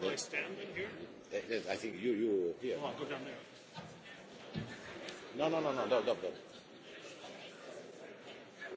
Do I stand in here? Eh, eh, I think you, you here. Oh, I go down there. No, no, no, no, no, no, no.